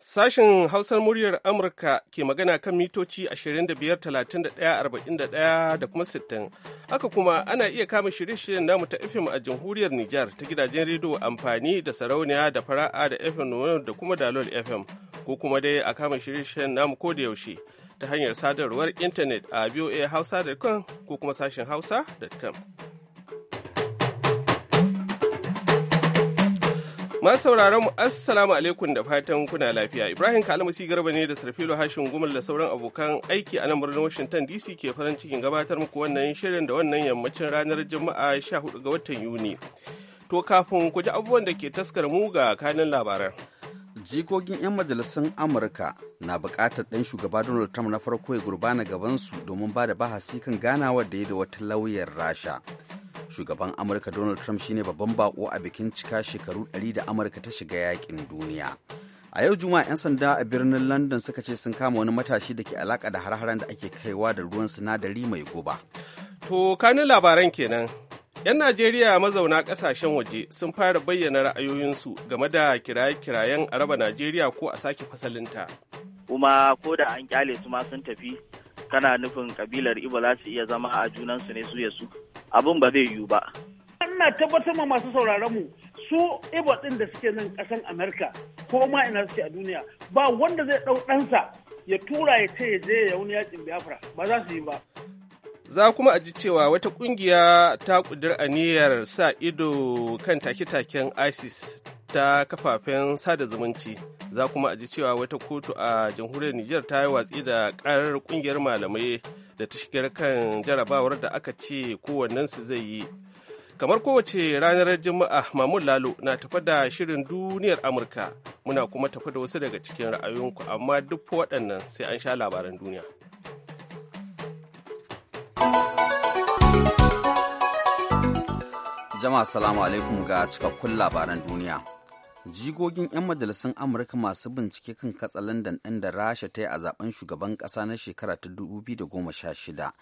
Sashen Hausar muryar Amurka ke magana kan mitoci 25,31,41 da kuma 60. Haka kuma ana iya kama shirye-shiryen namu ta FM a jamhuriyar Nijar ta gidajen rediyo amfani da sarauniya da fara'a da FM da kuma dalol FM ko kuma dai a kama shirye-shiryen namu ko da yaushe ta hanyar sadarwar intanet a voahausa.com ko kuma sashen hausa.com. Masu sauraron mu assalamu alaikum da fatan kuna lafiya. Ibrahim Kalmasi Garba ne da Sarfilo Hashin Gumal da sauran abokan aiki a nan birnin Washington DC ke farin cikin gabatar muku wannan shirin da wannan yammacin ranar Juma'a 14 ga watan Yuni. To kafin ku ji abubuwan da ke taskar mu ga kanin labaran. jikokin 'yan majalisun amurka na bukatar ɗan shugaba donald trump na farko ya gurbana gabansu domin ba da bahasi kan ganawar da ya da wata lauyar rasha shugaban amurka donald trump shine babban bako a bikin cika shekaru 100 da amurka ta shiga yakin duniya a yau juma'a 'yan sanda a birnin london suka ce sun kama wani matashi da ke alaka da har-haren da ake kaiwa da ruwan sinadari mai guba to kanin labaran kenan 'Yan Najeriya mazauna kasashen waje sun fara bayyana ra'ayoyinsu game da kiraye-kirayen a raba Najeriya ko a sake fasalinta. Kuma ko da an kyale su ma sun tafi, kana nufin kabilar Ibo za su iya zama a junansu ne su ya su. Abin ba zai yiwu ba. Ina tabbatar ma masu sauraron mu su Ibo ɗin da suke nan ƙasan Amerika ko ma ina suke a duniya ba wanda zai dau ɗansa ya tura ya ce ya je ya wani yakin Biafra ba za su yi ba. za kuma a ji cewa wata kungiya ta kudir aniyar sa ido kan take-taken isis ta kafafen sada zumunci za kuma a ji cewa wata kotu a jamhuriyar niger ta yi watsi da karar kungiyar malamai da ta shigar kan jarabawar da aka ce kowannensu zai yi kamar kowace ranar juma'a mamun lalo na tafa da shirin duniyar amurka muna kuma tafa da wasu daga cikin ra'ayinku amma duk waɗannan sai an sha labaran duniya Jama'a salamu alaikum ga cikakkun labaran duniya. Jigogin 'yan majalisun Amurka masu bincike kan katsalandan ɗin da Rasha ta yi a zaben shugaban ƙasa na shekara ta 2016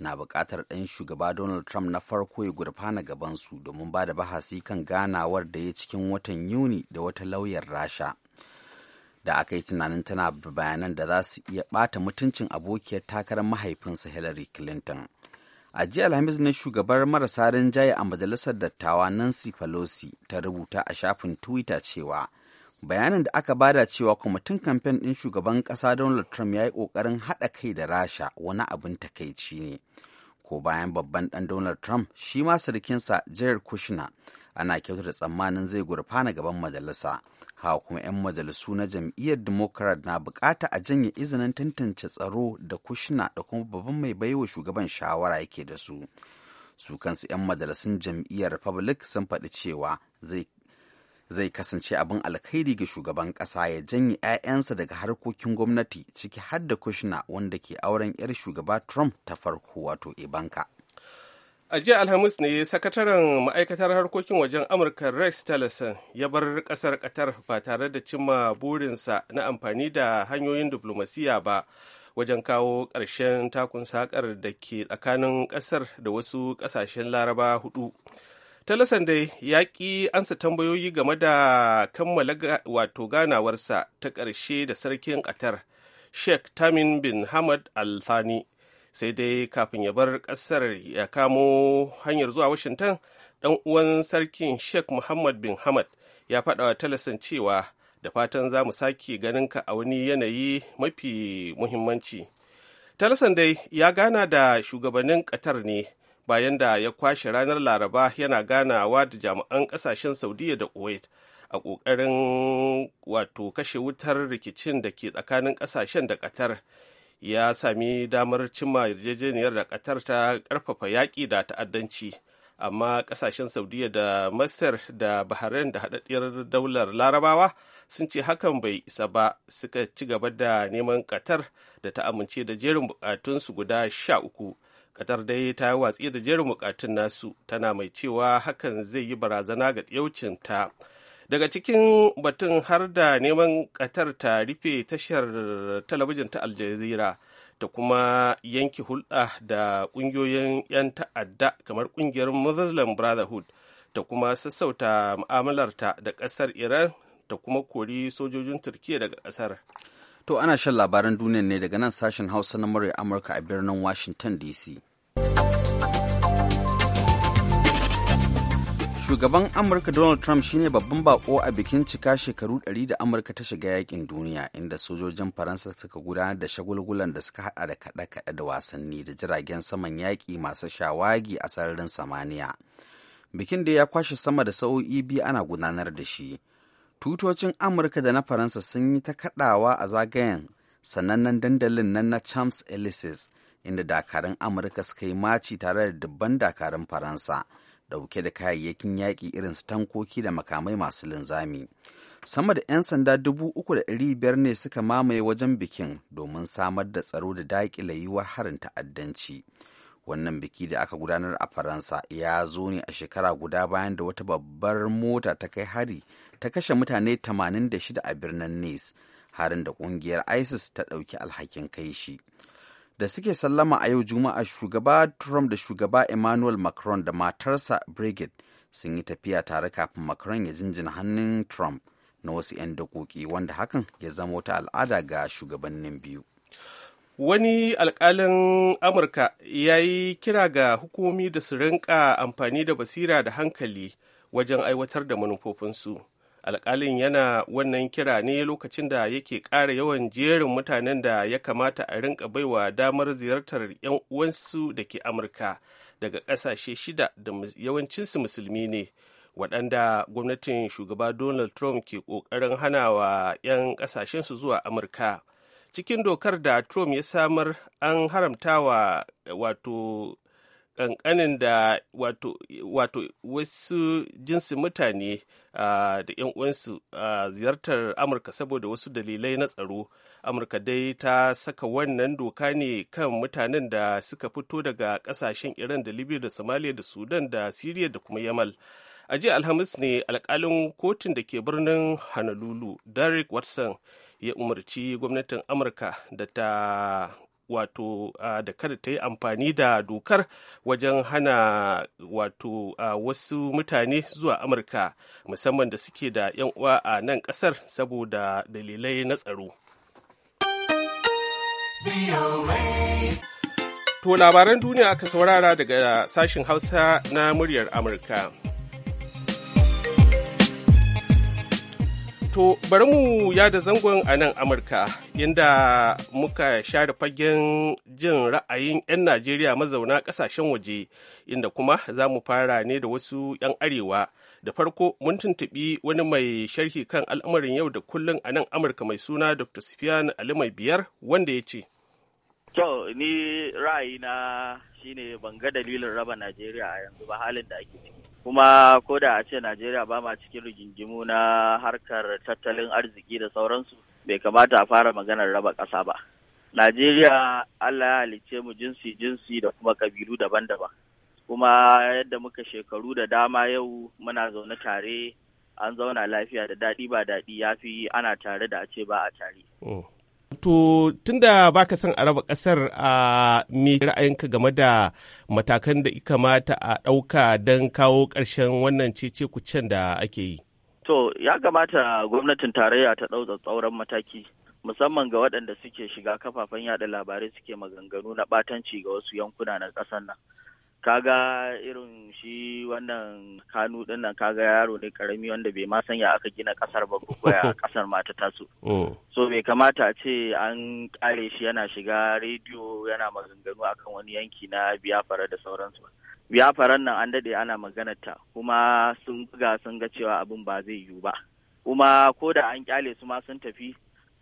na buƙatar ɗan shugaba Donald Trump na farko ya gurfana gabansu domin ba da bahasi kan ganawar da ya cikin watan Yuni da wata lauyar Rasha. da aka yi tunanin tana bayanan da za su iya ɓata mutuncin abokiyar takarar mahaifinsa Hillary Clinton. A jiya Alhamis na shugabar marasa rinjaye a majalisar dattawa Nancy Pelosi ta rubuta a shafin Twitter cewa bayanin da aka bada cewa kwamitin kamfen ɗin shugaban ƙasa Donald Trump ya yi ƙoƙarin haɗa kai da Rasha wani abin takaici ne. Ko bayan babban ɗan Donald Trump shi ma sirikinsa Jared Kushner ana kyautata tsammanin zai gurfana gaban majalisa. ha kuma 'yan majalisu na jam'iyyar democrat na bukata a janye izinin tantance tsaro da kushina da kuma babban mai baiwa shugaban shawara yake da su su kansu 'yan majalisun jam'iyyar republic sun faɗi cewa zai kasance abin alkhairi ga shugaban ƙasa ya janye 'ya'yansa daga harkokin gwamnati ciki har da kushina wanda ke auren 'yar shugaba trump ta farko wato ibanka a jiya alhamis ne sakataren ma'aikatar harkokin wajen amurka rex tillerson ya bar ƙasar qatar ba tare da cimma burinsa na amfani da hanyoyin diplomasiya ba wajen kawo ƙarshen takun sakar da ke tsakanin ƙasar da wasu ƙasashen laraba hudu talasan dai ya ƙi ansa tambayoyi game da kammala wato ganawarsa ta ƙarshe da sarkin qatar sheikh tamin bin hamad al-thani sai dai kafin ya bar ƙasar ya kamo hanyar zuwa washington dan uwan sarkin sheikh muhammad bin hamad ya faɗa talasan cewa da fatan za mu sake ganin ka a wani yanayi mafi muhimmanci talasan dai ya gana da shugabannin qatar ne bayan da ya kwashe ranar laraba yana ganawa da jami'an ƙasashen saudiya da kuwait a ƙoƙarin wato kashe wutar rikicin da ke tsakanin ƙasashen da qatar ya sami damar cimma yarjejeniyar da ƙatar ta karfafa yaƙi da ta'addanci amma ƙasashen saudiya da masar da bahrain da haɗaɗɗiyar daular larabawa sun ce hakan bai isa ba suka ci gaba da neman ƙatar da ta amince da jerin bukatunsu guda sha uku ƙatar dai ta yi watsi da jerin bukatun nasu tana mai cewa hakan zai yi barazana ga ta daga cikin batun har da neman ƙatar ta rufe tashar talabijin ta aljazira da kuma yanki hulɗa da ƙungiyoyin 'yan ta'adda kamar ƙungiyar muslim brotherhood da kuma sassauta mu'amalarta da ƙasar iran ta kuma kori sojojin turkiya daga ƙasar to ana shan labaran duniya ne daga nan sashen hausa na murya amurka a birnin washington dc shugaban amurka donald trump shine babban bako a bikin cika shekaru 100 da amurka ta shiga yakin duniya inda sojojin faransa suka gudanar da shagulgulan da suka hada da kaɗe-kaɗe da wasanni da jiragen saman yaƙi masu shawagi a sararin samaniya bikin da ya kwashe sama da sa'o'i biyu ana gudanar da shi tutocin amurka da na faransa sun yi ta kaɗawa a zagayen sanannen dandalin nan na champs elysees inda dakarun amurka suka yi maci tare da dubban dakarun faransa dauke da kayayyakin yaƙi irin su tankoki da makamai masu linzami. Sama da 'yan sanda dubu uku da ɗari biyar ne suka mamaye wajen bikin domin samar da tsaro da daƙile yiwuwar harin ta'addanci. Wannan biki da aka gudanar a Faransa ya zo ne a shekara guda bayan da wata babbar mota ta kai hari ta kashe mutane 86 a birnin Nice, harin da ƙungiyar ISIS ta ɗauki alhakin kai shi. da suke sallama a yau juma'a shugaba trump da shugaba emmanuel macron da matarsa brigid sun yi tafiya tare kafin macron ya jinjina hannun trump na wasu 'yan dakoki wanda hakan ya zama wata al'ada ga shugabannin biyu wani alƙalin amurka ya yi kira ga hukumomi da su rinka amfani da basira da hankali wajen aiwatar da manufofinsu alƙalin yana wannan kira ne lokacin da yake ƙara yawan jerin mutanen da ya kamata a rinka baiwa damar ziyartar 'yan uwansu da ke amurka daga ƙasashe shida da yawancinsu musulmi ne waɗanda gwamnatin shugaba donald trump ke ƙoƙarin hana wa 'yan ƙasashensu zuwa amurka cikin dokar da trump ya samar an haramta wa wato Ƙanƙanin da wato wasu jinsin mutane da 'yan uwansu ziyartar amurka saboda wasu dalilai na tsaro amurka dai ta saka wannan doka ne kan mutanen da suka fito daga ƙasashen iran da libya da somalia da sudan da syria da kuma yamal a jiya alhamis ne alkalin kotun da ke birnin hanalulu, derek watson ya umarci gwamnatin amurka da ta wato da kada ta yi amfani da dokar wajen hana wato wasu mutane zuwa amurka musamman da suke da 'yan uwa a nan kasar saboda dalilai na tsaro to labaran duniya aka saurara daga sashin hausa na muryar amurka To bari mu da zangon a nan Amurka inda muka share fagen jin ra'ayin 'yan Najeriya mazauna ƙasashen waje inda kuma za mu fara ne da wasu 'yan arewa. Da farko mun tuntuɓi wani mai sharhi kan al'amarin yau da kullum a nan Amurka mai suna Dr. Sufyan Ali mai biyar wanda ya ce. Kyau ni ra'ayina shine ban ga dalilin raba Najeriya a yanzu ba halin da ake ciki. kuma ko da a ce najeriya ba ma cikin rigingimu na harkar tattalin arziki da sauransu bai kamata a fara maganar raba ƙasa ba najeriya allah ya halicce mu jinsi jinsi da kuma ƙabilu daban-daban kuma yadda muka shekaru da dama yau muna zaune tare an zauna lafiya da daɗi ba daɗi ya fi ana tare da a ce ba a tare oh. To tunda ka son a raba ƙasar a me ra'ayinka game da matakan da kamata a ɗauka don kawo ƙarshen wannan cece kucen da ake yi. To ya kamata gwamnatin tarayya ta ɗau tsauran mataki musamman ga waɗanda suke shiga kafafen yada labarai suke maganganu na ɓatanci ga wasu yankuna na ƙasar nan. kaga irin shi wannan kanu din nan kaga yaro ne karami wanda bai ma sanya aka gina kasar ba ko ya kasar mata taso mm. so bai kamata a ce an kare shi yana shiga rediyo yana maganganu akan wani yanki na biyafara da sauransu ba biyafaran nan an dade ana maganar ta kuma sun buga sun ga cewa abin ba zai yiwu ba kuma ko da an kyale su ma sun tafi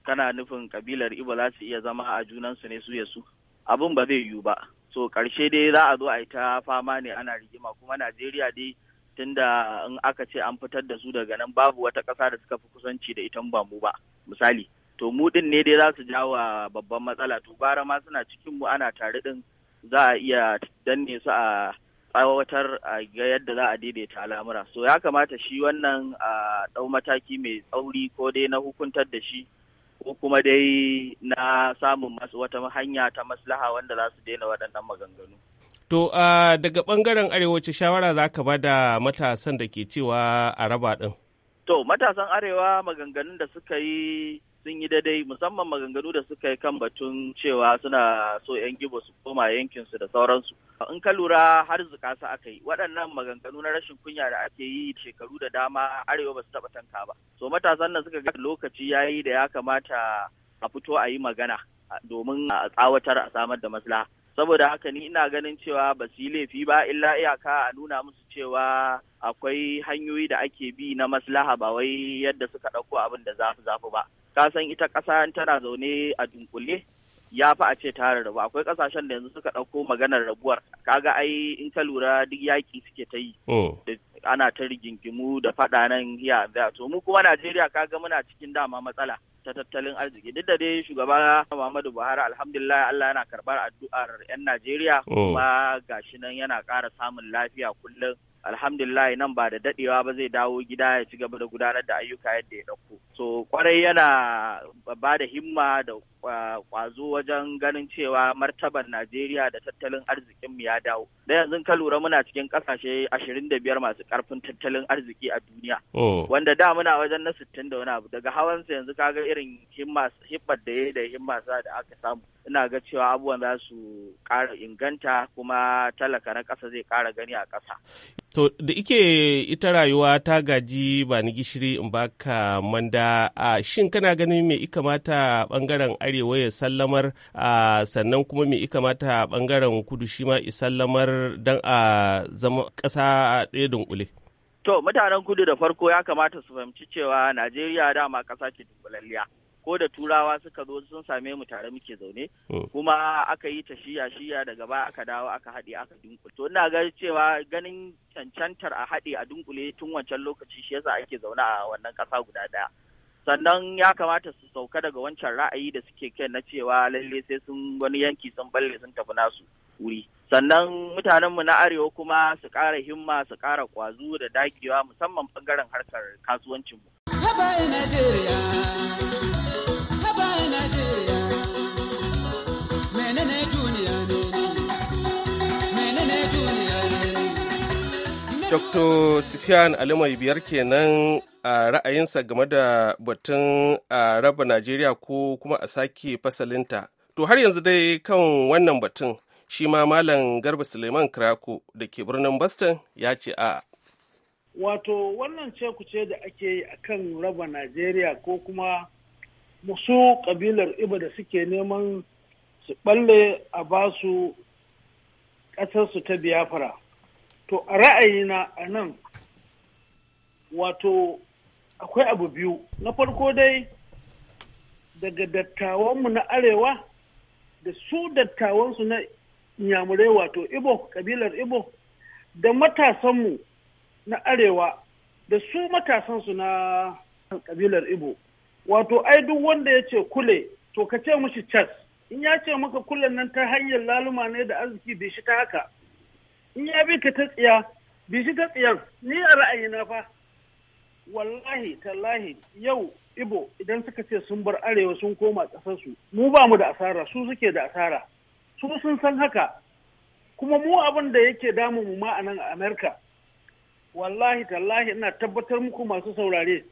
kana nufin kabilar ibo za su iya zama a junansu ne su ya su abin ba zai yiwu ba so karshe dai za a zo a yi ta fama ne ana rigima kuma najeriya dai tun da in aka ce an fitar da su daga nan babu wata ƙasa da suka fi kusanci da ita ba mu ba misali to mu din ne dai za su wa babban matsala to bara ma suna cikin mu ana tare din za a iya danne su a tsawatar a ga yadda za a daidaita al'amura so ya kamata shi wannan a ɗau mataki mai tsauri ko dai na hukuntar da shi ko kuma dai na samun masu wata hanya ta maslaha wanda za su daina waɗannan maganganu. To daga ɓangaren arewaci shawara za ka ba da matasan da ke cewa a raba ɗin? To matasan arewa maganganun da suka yi sun yi daidai musamman maganganu da suka yi kan batun cewa suna so 'yan gibo su koma yankin su da sauransu. In ka lura har zuka su aka yi waɗannan maganganu na rashin kunya da ake yi shekaru da dama arewa ba su taɓa tanka ba. So matasan nan suka ga lokaci ya yi da ya kamata a fito a yi magana domin a tsawatar a samar da maslaha. saboda haka ni ina ganin cewa ba su yi laifi ba illa iyaka a nuna musu cewa akwai hanyoyi da ake bi na maslaha ba wai yadda suka ɗauko abin da zafi zafi ba ka san ita ƙasa tana zaune a dunkule ya fi a ce ta rarrabu akwai kasashen da yanzu suka ɗauko maganar rabuwar kaga ai in ka lura duk yaƙi suke ta yi oh. ana ta rigingimu da faɗa nan ya da to mu kuma Najeriya kaga muna cikin dama matsala ta tattalin arziki duk da dai shugaba Muhammadu Buhari alhamdulillah Allah yana karɓar addu'ar 'yan Najeriya oh. kuma gashi nan yana ƙara samun lafiya kullum alhamdulillah nan ba da daɗewa ba zai dawo gida ya ci gaba da gudanar da ayyuka yadda ya dauko so kwarai yana ba da himma da kwazo wajen ganin cewa martabar Najeriya da tattalin arzikinmu ya dawo. Da yanzu ka lura muna cikin kasashe 25 masu karfin tattalin arziki a duniya. Oh. Wanda da muna wajen na 60 da wani abu daga hawan hawansa yanzu kaga irin hibbar da ya da himmasa da aka samu. Ina ga cewa abubuwan za su ƙara inganta kuma talaka na ƙasa zai ƙara gani a ƙasa. To da ike ita rayuwa ta gaji ba ni gishiri in baka manda a shin kana ganin me ikamata bangaren arewa ya sallamar sannan kuma me a bangaren kudu shi ma sallamar don a zama ƙasa ɗaya dunkule. To mutanen kudu da farko ya kamata su fahimci cewa Najeriya dama ƙasa ce dunkulalliya. Ko da turawa suka zo sun same mu tare muke zaune, hmm. kuma aka yi ta shiya shiya daga baya aka dawo aka haɗe aka dunkule. To ina ga cewa ganin cancantar a haɗe a dunkule tun wancan lokaci shi yasa ake zaune a wannan ƙasa guda ɗaya. sannan ya kamata su sauka daga wancan ra'ayi da suke kai na cewa lalle sai sun wani yanki sun balle sun tafi nasu wuri sannan mutanenmu na arewa kuma su ƙara himma su ƙara ƙwazo da dagewa musamman bangaren harkar kasuwancinmu. Najeriya, Najeriya, dr sufyan alimai biyar kenan a ra'ayinsa game da batun a raba najeriya ko kuma a sake fasalinta to har yanzu dai kan wannan batun shi ma malam garba suleiman krako da ke birnin boston ya ce a wato wannan ce kuce da ake yi a kan raba najeriya ko kuma musu kabilar iba da suke neman su balle a basu ƙasarsu ta biyafara to a ra'ayina a nan wato akwai abu biyu na farko dai daga dattawanmu na arewa da su dattawansu na Nyamurai wato ibo kabilar ibo da matasanmu na arewa da su matasansu na kabilar ibo wato ai duk wanda ya ce kule to ka ce mushi cas in ya ce maka kulen nan ta hanyar laluma ne da arziki bai shi ta haka in ya bi ka ta tsiya bi shi ta tsiyan ni a ra'ayina fa wallahi tallahi yau ibo idan suka ce sun bar arewa sun koma ƙasarsu mu ba mu da asara su suke da asara su sun san haka kuma mu abin da yake damu mu ma a nan amerika wallahi tallahi ina tabbatar muku masu saurare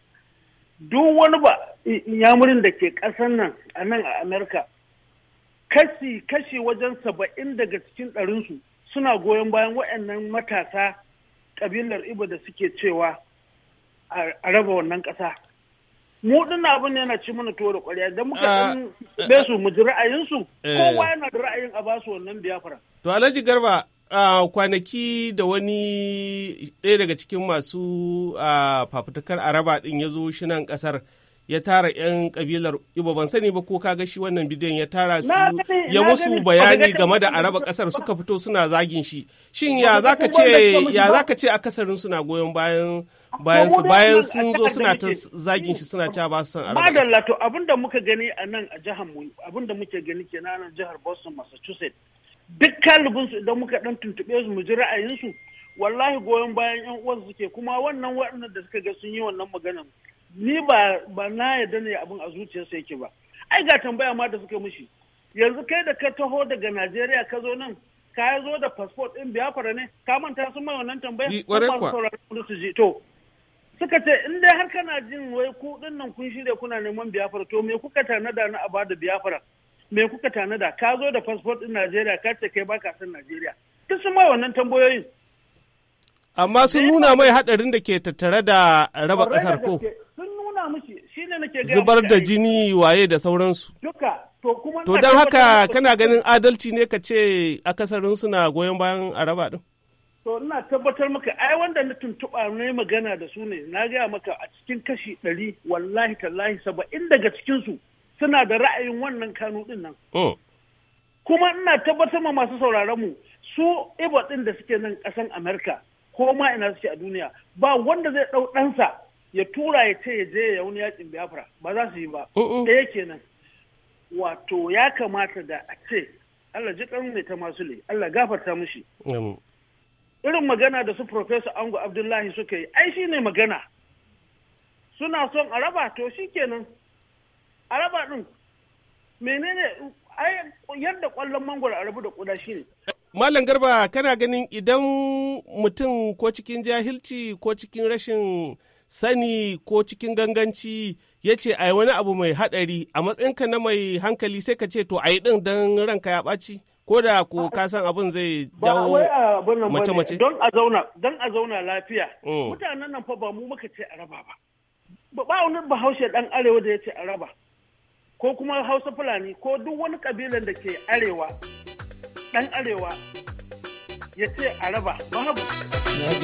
duk wani ba yamurin da ke ƙasar nan a nan a amerika kashi kashi wajen saba'in daga cikin ɗarinsu suna goyon bayan waɗannan matasa ƙabilar ibo da suke cewa a raba wannan ƙasa mu din abin yana ci mana tuwo da ƙwarya idan muka dan ah, be su mu ji ra'ayinsu eh. kowa yana da ra'ayin a basu wannan biyafra to alhaji garba kwanaki da wani ɗaya daga cikin masu fafutukar araba ɗin ya zo shinan ƙasar ya tara 'yan kabilar Ibo ban sani ba ko kaga shi wannan bidiyon ya tara su ya musu bayani game da araba kasar suka fito suna zagin shi shin ya zaka ce ya zaka ce akasarin suna goyon bayan bayan su bayan sun zo suna ta zagin shi suna ta ba su san araba madalla to abinda muka gani a nan a jihar mu abinda muke gani kenan a jihar Boston Massachusetts duk kalubun su idan muka dan tuntube su mu ji ra'ayin wallahi goyon bayan yan uwansu suke kuma wannan waɗannan da suka ga sun yi wannan maganan ni ba ba na ya ne abin a zuciyarsa yake ba ai ga tambaya ma da suka mishi yanzu kai da ka taho daga Najeriya ka zo nan ka zo da passport din Biafra ne ka manta sun mai wannan tambaya to suka ce in dai har kana jin wai ku din nan kun shirya kuna neman biyafara to me kuka tanada na a bada biyafara me kuka tanada ka zo da passport din Najeriya ka ce kai baka san Najeriya duk sun mai wannan tambayoyin amma sun nuna mai hadarin da ke tattare da raba kasar ko nuna mishi ne nake gaya zubar da jini waye da sauransu duka to kuma dan haka kana ganin adalci ne ka ce akasarin suna goyon bayan araba din to ina tabbatar maka ai wanda na tuntuba ne magana da su ne na gaya maka a cikin kashi ɗari wallahi tallahi saba'in daga cikinsu suna da ra'ayin wannan kanu din nan. Oh. Kuma ina tabbatar ma masu sauraron mu su ibo ɗin da suke nan ƙasan Amerika ko ma ina suke a duniya ba wanda zai ɗau ɗansa ya tura ya ce ya je ya wani yakin biafra ba za su yi ba oh, oh. ɗaya kenan wato ya kamata da a ce Allah ji kan mai ta masu le Allah gafarta mushi irin magana da su Professor Ango Abdullahi suka yi ai shi ne magana suna son a raba to shi kenan a raba ɗin menene ai yadda ƙwallon mangwaro a rabu da ƙuda shi ne Malam Garba kana ganin idan mutum ko cikin jahilci ko cikin rashin sani ko cikin ganganci ya ce a wani abu mai haɗari a matsayinka na mai hankali sai ka ce to a yi ɗin don ranka ya ɓaci ko da ko ka san abin zai jawo mace-mace don a zauna lafiya mm. mutanen nan fa ba mu muka ce a raba ba ba wani bahaushe dan arewa da ya ce a raba ko kuma hausa fulani ko duk wani kabilan da ke arewa dan arewa ya a raba babu.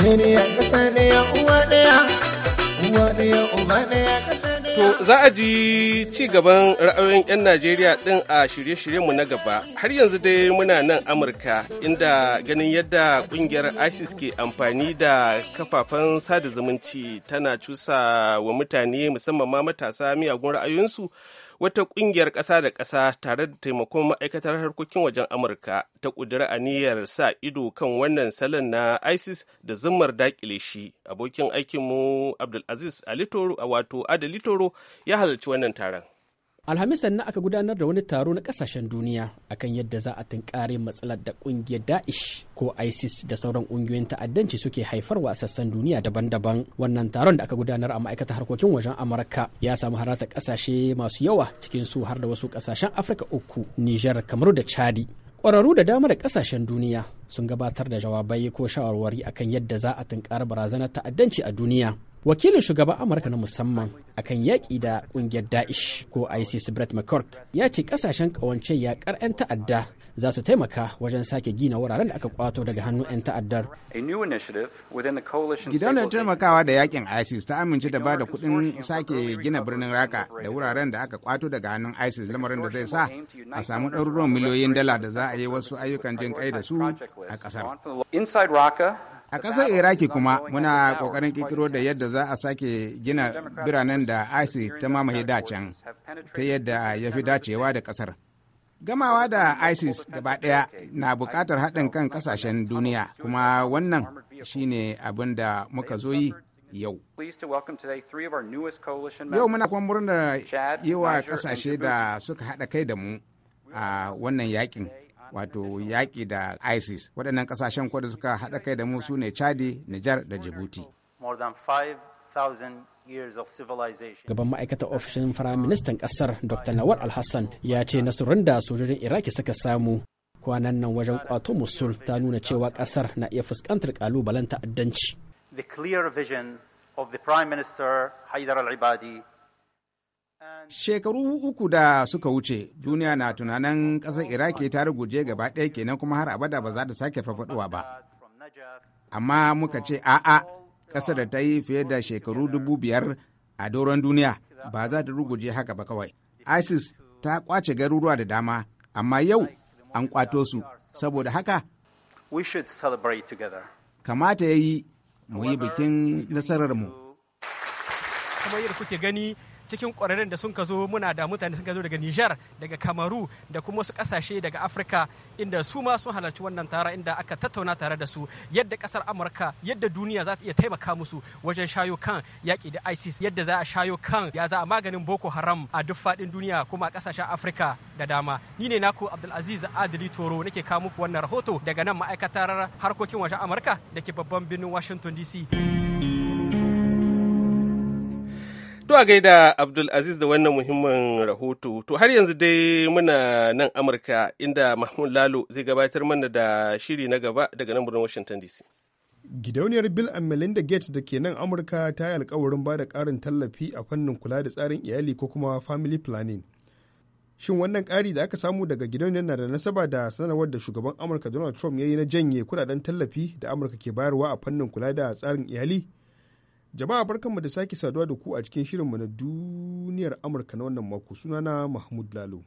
Najeriya ƙasa ya uwa ɗaya uwa ɗaya uba ɗaya ƙasa To za a ji ci gaban ra'ayoyin 'yan Najeriya ɗin a shirye-shiryenmu na gaba. Har yanzu dai muna nan Amurka inda ganin yadda ƙungiyar ISIS ke amfani da kafafen sada zumunci tana cusa wa mutane musamman ma matasa miyagun ra'ayoyinsu. wata ƙungiyar ƙasa da ƙasa tare da taimakon ma'aikatar harkokin wajen amurka ta ƙudiri aniyar sa ido kan wannan salon na isis da zimmar daƙile shi abokin aikinmu abdulaziz alitoro wato adalitoro ya halarci wannan taron alhamis sannan aka gudanar da wani taro na kasashen duniya akan yadda za a tunkare matsalar da kungiyar da'ish ko isis da sauran kungiyoyin ta'addanci suke haifar a sassan duniya daban-daban wannan taron da aka gudanar a ma'aikatar harkokin wajen amurka ya samu harata kasashe masu yawa cikin su har da wasu kasashen afirka uku niger kamaru da chadi kwararru da dama da kasashen duniya sun gabatar da jawabai ko shawarwari akan yadda za a tunkare barazanar ta'addanci a duniya wakilin shugaban amurka na musamman akan yaƙi da ƙungiyar da'ish ko isis brett mccork ya ce ƙasashen ƙawancen yaƙar 'yan ta'adda za su taimaka wajen sake gina wuraren da aka kwato daga hannun 'yan ta'addar gidauniyar taimakawa da yakin isis ta amince da ba da kuɗin sake gina birnin raka da wuraren da aka kwato daga hannun isis lamarin da zai sa a samu ɗaruruwan miliyoyin dala da za a yi wasu ayyukan jin kai da su a ƙasar A ƙasar Iraki kuma muna ƙoƙarin ƙirƙiro da yadda za a sake gina biranen da ISIS ta mamaye dacen ta yadda ya fi dacewa da ƙasar. Gamawa da ISIS gaba ɗaya na buƙatar haɗin kan ƙasashen duniya kuma wannan shine abin da muka zo yi yau. Yau muna kuma murnar yi wa ƙasashe da suka haɗa kai da mu a wannan yakin. wato yaƙi da isis waɗannan ƙasashen kwada suka haɗa kai da mu su ne chadi nijar da jibuti Gaban ma'aikatar ofishin Firaministan ƙasar Dr. Nawar Alhassan ya ce nasarar da sojojin Iraki suka samu kwanan nan wajen kwato musul ta nuna cewa ƙasar na iya fuskantar ƙalubalen ta'addanci. The clear vision of the Prime Minister Haidar Shekaru uku da suka wuce, duniya na tunanin ƙasar Iraki ta ruguje gaba ɗaya kenan kuma har abada ba za ta sake farfaɗowa ba. Amma muka ce a'a ƙasar da ta yi fiye da shekaru dubu biyar a doron duniya ba za ta ruguje haka ba kawai. ISIS ta kwace garuruwa da dama, amma yau an kwato su, saboda haka Kamata ya yi mu yi bikin nasararmu. kamar yadda kuke gani cikin kwararren da sun ka zo muna da mutane sun ka zo daga Nijar daga Kamaru da kuma wasu kasashe daga Afirka inda su ma sun halarci wannan tara inda aka tattauna tare da su yadda kasar Amurka yadda duniya za ta iya taimaka musu wajen shayo kan yaƙi da ISIS yadda za a shayo kan ya za a maganin Boko Haram a duk faɗin duniya kuma a ƙasashen Afirka da dama ni ne naku Abdulaziz Adili Toro nake kawo muku wannan rahoto daga nan ma'aikatar harkokin wajen Amurka dake babban birnin Washington DC. To a gaida Abdul Aziz da wannan muhimmin rahoto. To har yanzu dai muna nan Amurka inda Mahmud Lalo zai gabatar mana da shiri na gaba daga nan birnin Washington DC. Gidauniyar Bill and Melinda Gates da ke nan Amurka ta yi alkawarin ba da ƙarin tallafi a fannin kula da tsarin iyali ko kuma family planning. Shin wannan ƙari da aka samu daga gidauniyar na da nasaba da sanarwar da shugaban Amurka Donald Trump ya yi na janye kudaden tallafi da Amurka ke bayarwa a fannin kula da tsarin iyali? Jama'a barkan barkanmu da sake saduwa da ku a cikin shirinmu na duniyar Amurka na wannan mako sunana Mahmud Lalo.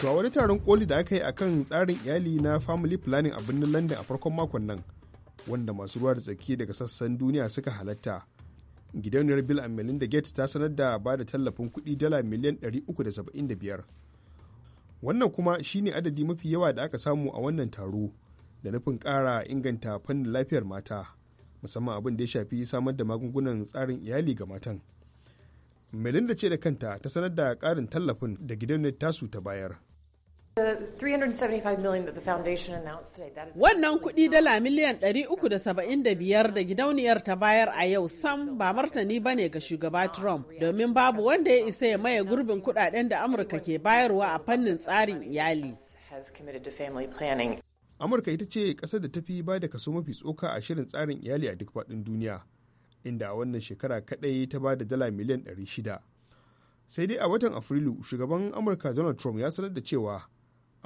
To a wani taron koli da aka yi akan tsarin iyali na family planning a birnin London a farkon makon nan wanda masu ruwa da tsaki daga sassan duniya suka halatta. Gidauniyar Bill and Melinda Gates ta sanar da ba da tallafin kudi dala miliyan 375 wannan kuma shine adadi mafi yawa da aka samu a wannan taro da nufin ƙara inganta fannin lafiyar mata musamman abin da ya shafi samar da magungunan tsarin iyali ga matan melinda ce da kanta ta sanar da ƙarin tallafin da gidauniyar tasu ta bayar Wannan kuɗi dala miliyan 375 da gidauniyar ta bayar a yau sam ba martani ba ne ga shugaba Trump domin babu wanda ya isa ya maye gurbin kuɗaɗen da Amurka ke bayarwa a fannin tsarin iyali. Amurka ita ce ƙasar da ta fi ba da kaso mafi tsoka a shirin tsarin iyali a duk faɗin duniya, inda a wannan shekara kaɗai ta ba da dala miliyan 600. Sai dai a watan Afrilu, shugaban Amurka Donald Trump ya sanar da cewa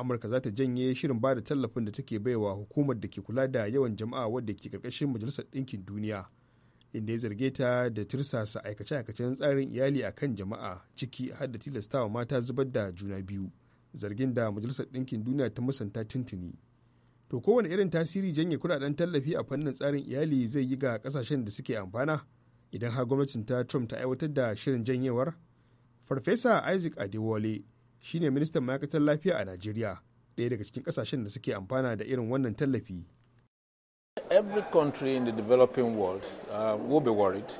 amurka za ta janye shirin ba da tallafin da take baiwa hukumar da ke kula da yawan jama'a wadda ke karkashin majalisar ɗinkin duniya inda ya zarge ta da tirsasa aikace-aikacen tsarin iyali a kan jama'a ciki har da tilastawa mata zubar da juna biyu zargin da majalisar ɗinkin duniya ta musanta tuntuni to kowane irin tasiri janye kudaden tallafi a fannin tsarin iyali zai yi ga kasashen da suke amfana idan har gwamnatin ta trump ta aiwatar da shirin janyewar farfesa isaac adewale shine ministan ma'aikatar lafiya a najeriya ɗaya daga cikin ƙasashen da suke amfana da irin wannan tallafi every country in the developing world uh, will be worried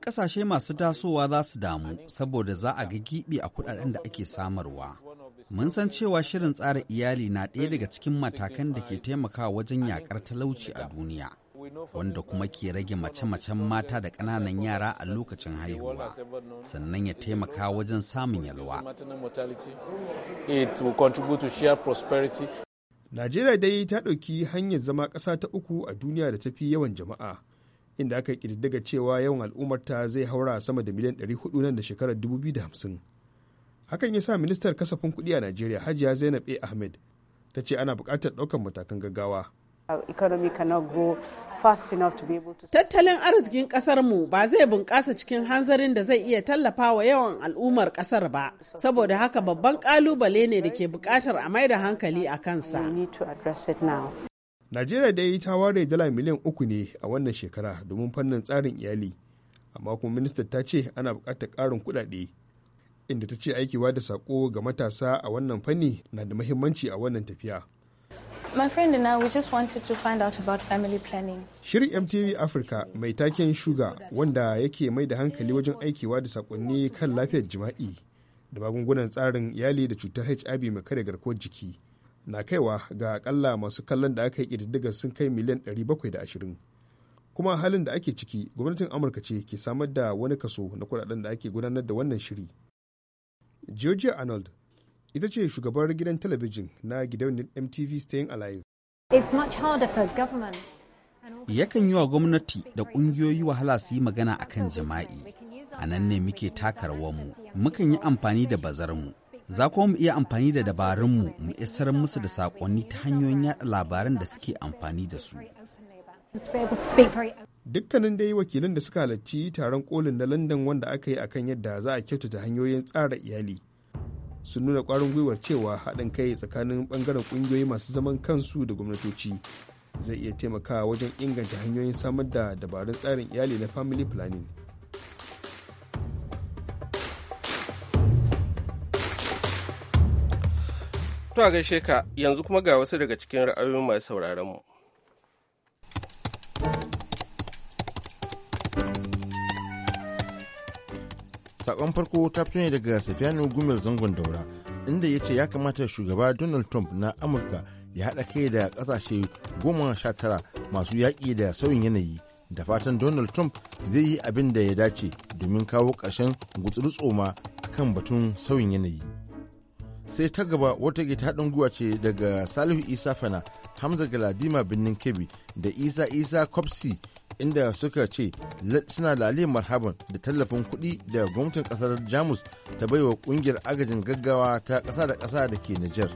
Ƙasashe masu tasowa za su damu saboda za a ga giɓi a kuɗaɗen da ake samarwa. Mun san cewa shirin tsara iyali na ɗaya daga cikin matakan da ke taimakawa wajen yaƙar talauci a duniya. wanda kuma ke rage mace-macen mata da ƙananan yara a lokacin haihuwa sannan ya taimaka wajen samun yalwa. Najeriya dai ta ɗauki hanyar zama ƙasa ta uku a duniya da ta fi yawan jama'a inda aka ƙididdiga cewa yawan al'ummarta zai haura sama da miliyan 400 nan da shekarar 2050. Hakan ya sa ministar kasafin kuɗi a Najeriya Hajiya Zainab A. Ahmed ta ce ana buƙatar ɗaukar matakan gaggawa. economy Tattalin arzikin kasar mu ba zai bunƙasa cikin hanzarin da zai iya tallafa wa yawan al'ummar kasar ba saboda haka babban kalubale ne da ke buƙatar a mai da hankali a kansa. Najeriya dai ta ware dala miliyan uku ne a wannan shekara domin fannin tsarin iyali amma kuma ministan ta ce ana buƙatar ƙarin kuɗaɗe inda ta ce wa da sako ga matasa a wannan fanni na da muhimmanci a wannan tafiya. My friend and I, we just wanted to find out about family planning. Shirin MTV Africa mai taken shuga wanda yake mai da hankali wajen aikewa da sakonni kan lafiyar jima'i da magungunan tsarin iyali da cutar HIV mai kare garkuwar jiki na kaiwa ga akalla masu kallon da aka yi ƙididdiga sun kai miliyan 720. Kuma halin da ake ciki, gwamnatin Amurka ce ke samar da wani kaso na kudaden da ake gudanar da wannan shiri. Georgia Arnold ita ce shugabar gidan talabijin na gidauniyar mtv staying alive yakan yi wa gwamnati da ƙungiyoyi wahala su yi magana a kan jima'i a nan ne muke taka mu mukan yi amfani da bazarmu za kuma mu iya amfani da dabarunmu mu isar musu da saƙonni ta hanyoyin yaɗa labaran da suke amfani da su dukkanin dai wakilan da suka halarci taron kolin na london wanda aka yi akan yadda za a kyautata hanyoyin tsara iyali sun nuna kwarin gwiwar cewa haɗin kai tsakanin ɓangaren ƙungiyoyi masu zaman kansu da gwamnatoci zai iya taimakawa wajen inganta hanyoyin samar da dabarun tsarin iyali na family planning To a gaishe ka yanzu kuma ga wasu daga cikin ra'ayoyin masu sauraron mu. sakon farko ta fito ne daga safiyanu gumel zangon daura inda ya ce ya kamata shugaba donald trump na amurka ya haɗa kai da ƙasashe goma sha tara masu yaƙi da sauyin yanayi da fatan donald trump zai yi abin da ya dace domin kawo ƙarshen gutsuru tsoma kan batun sauyin yanayi sai ta gaba wata ke ta haɗin gwiwa ce daga salihu isa fana hamza galadima birnin kebbi da isa isa kopsi inda suka ce suna da Ali marhaban da tallafin kuɗi da gwamnatin ƙasar jamus ta baiwa ƙungiyar agajin gaggawa ta ƙasa da ƙasa da ke nijar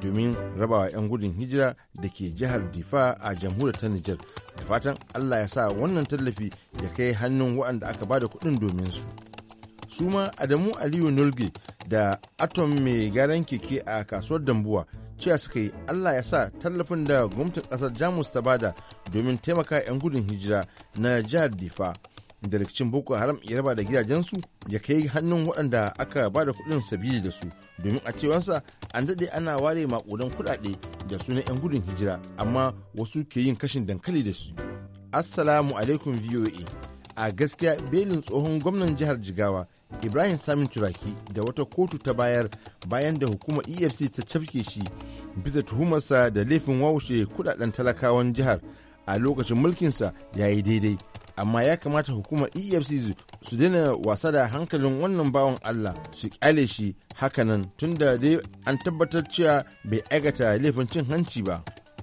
domin rabawa 'yan gudun hijira da ke jihar difa a jamhuriyar ta nijar da fatan allah ya sa wannan tallafi ya kai hannun waɗanda aka ba da kuɗin domin su suma adamu aliyu nolge da atom mai garan keke a kasuwar dambuwa cewa suka yi allah ya sa tallafin da gwamnatin kasar jamus ta bada domin taimaka 'yan gudun hijira na jihar difa da rikicin boko haram ya raba da gidajensu ya kai hannun waɗanda aka ba da kuɗin sabili da su domin a cewansa an daɗe ana ware maƙudan kuɗaɗe da su na 'yan gudun hijira amma wasu ke yin kashin dankali da su assalamu alaikum voa a gaskiya belin tsohon gwamnan jihar jigawa ibrahim samin turaki da wata kotu ta bayar bayan da hukumar efcc ta cafke shi bisa tuhumarsa da laifin wawushe kudaden talakawan jihar a lokacin mulkinsa ya yi daidai amma ya kamata hukumar efcc su daina wasa da hankalin wannan bawan allah su kyale shi hakanan tunda dai an tabbatar cewa bai aikata laifin cin hanci ba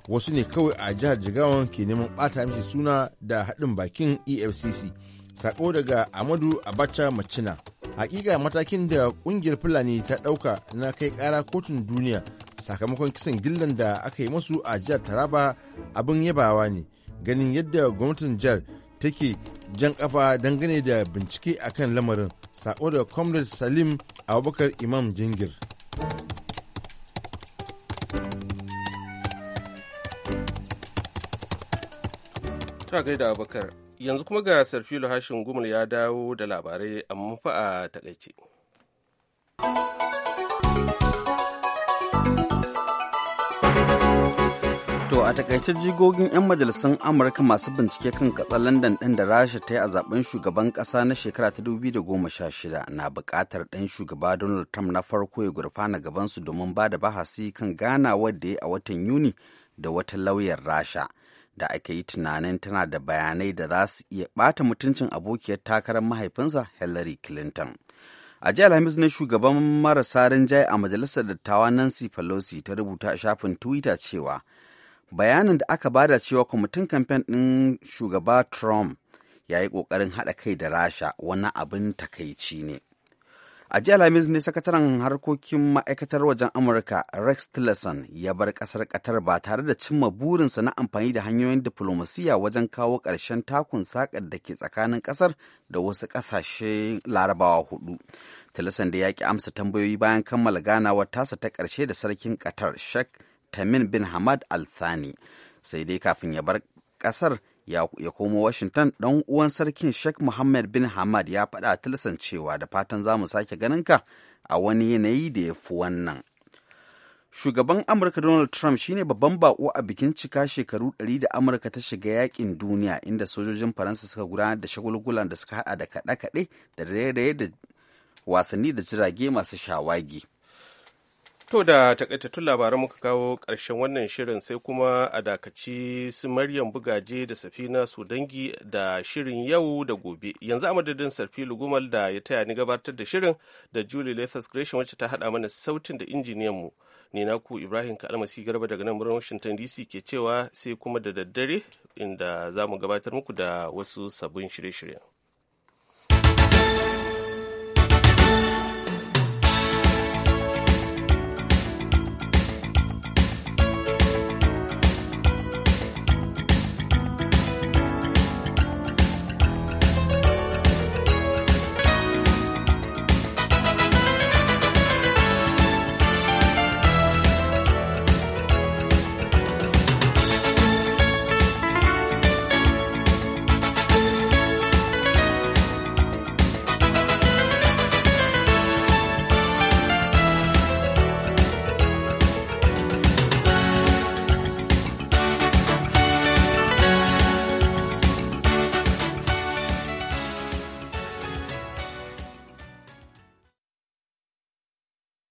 wasu ne kawai a jihar jigawan ke neman bata mishi suna da haɗin bakin efcc saƙo daga Amadu Abacha Macina. Hakika matakin da ƙungiyar Fulani ta ɗauka na kai ƙara kotun duniya sakamakon kisan gillan da aka yi masu a jihar Taraba abin yabawa ne. Ganin yadda gwamnatin jihar take jan kafa dangane da bincike akan lamarin sako da comrade salim abubakar imam jingir ta gaida abubakar yanzu kuma ga sarfilo hashin gumul ya dawo da labarai amma fa a takaice To a takaice jigogin 'yan majalisun Amurka masu bincike kan katsar London ɗin da Rasha ta yi a zaben shugaban ƙasa na shekara ta 2016 na bukatar ɗan shugaba Donald Trump na farko ya gurfana gabansu domin ba da bahasi kan ganawar da ya a watan Yuni da wata lauyar Rasha da aka yi tunanin tana da bayanai da za su iya ɓata mutuncin abokiyar takarar mahaifinsa Hillary Clinton. A jiya Alhamis na shugaban marasa rinjaye a majalisar dattawa Nancy Pelosi ta rubuta a shafin Twitter cewa bayanin da aka bada cewa kwamitin kamfen ɗin shugaba Trump ya yi ƙoƙarin haɗa kai da Rasha wani abin takaici ne. a jiya lamis ne sakataren harkokin ma'aikatar wajen amurka rex tillerson ya bar ƙasar qatar ba tare da cimma burinsa na amfani da hanyoyin diflomasiya wajen kawo ƙarshen takun sakar da ke tsakanin ƙasar da wasu ƙasashe larabawa hudu tillerson da ya ki amsa tambayoyi bayan kammala ganawa tasa ta ƙarshe da sarkin qatar sheikh tamin bin hamad al thani sai dai kafin ya bar ƙasar. ya komo washington dan uwan sarkin sheikh muhammad bin hamad ya faɗa tilsan cewa da fatan za mu sake ka a wani yanayi da ya fi wannan shugaban amurka donald trump shine babban bako a bikin cika shekaru ɗari da amurka ta shiga yakin duniya inda sojojin faransa suka gudanar da shagulgulan da suka haɗa da kaɗe-kaɗe da raye-raye da wasanni da jirage masu shawagi To da takaitattun labaran muka kawo ƙarshen wannan shirin sai kuma a dakaci su Maryam Bugaje da Safina dangi da shirin yau da gobe. Yanzu a madadin Sarfi Lugumal da ya taya ni gabatar da shirin da Julie Lathas Gresham wacce ta haɗa mana sautin da injiniyan mu. Ni ku Ibrahim Kalmasi Garba daga nan birnin Washington DC ke cewa sai kuma da daddare inda za mu gabatar muku da wasu sabbin shirye-shiryen.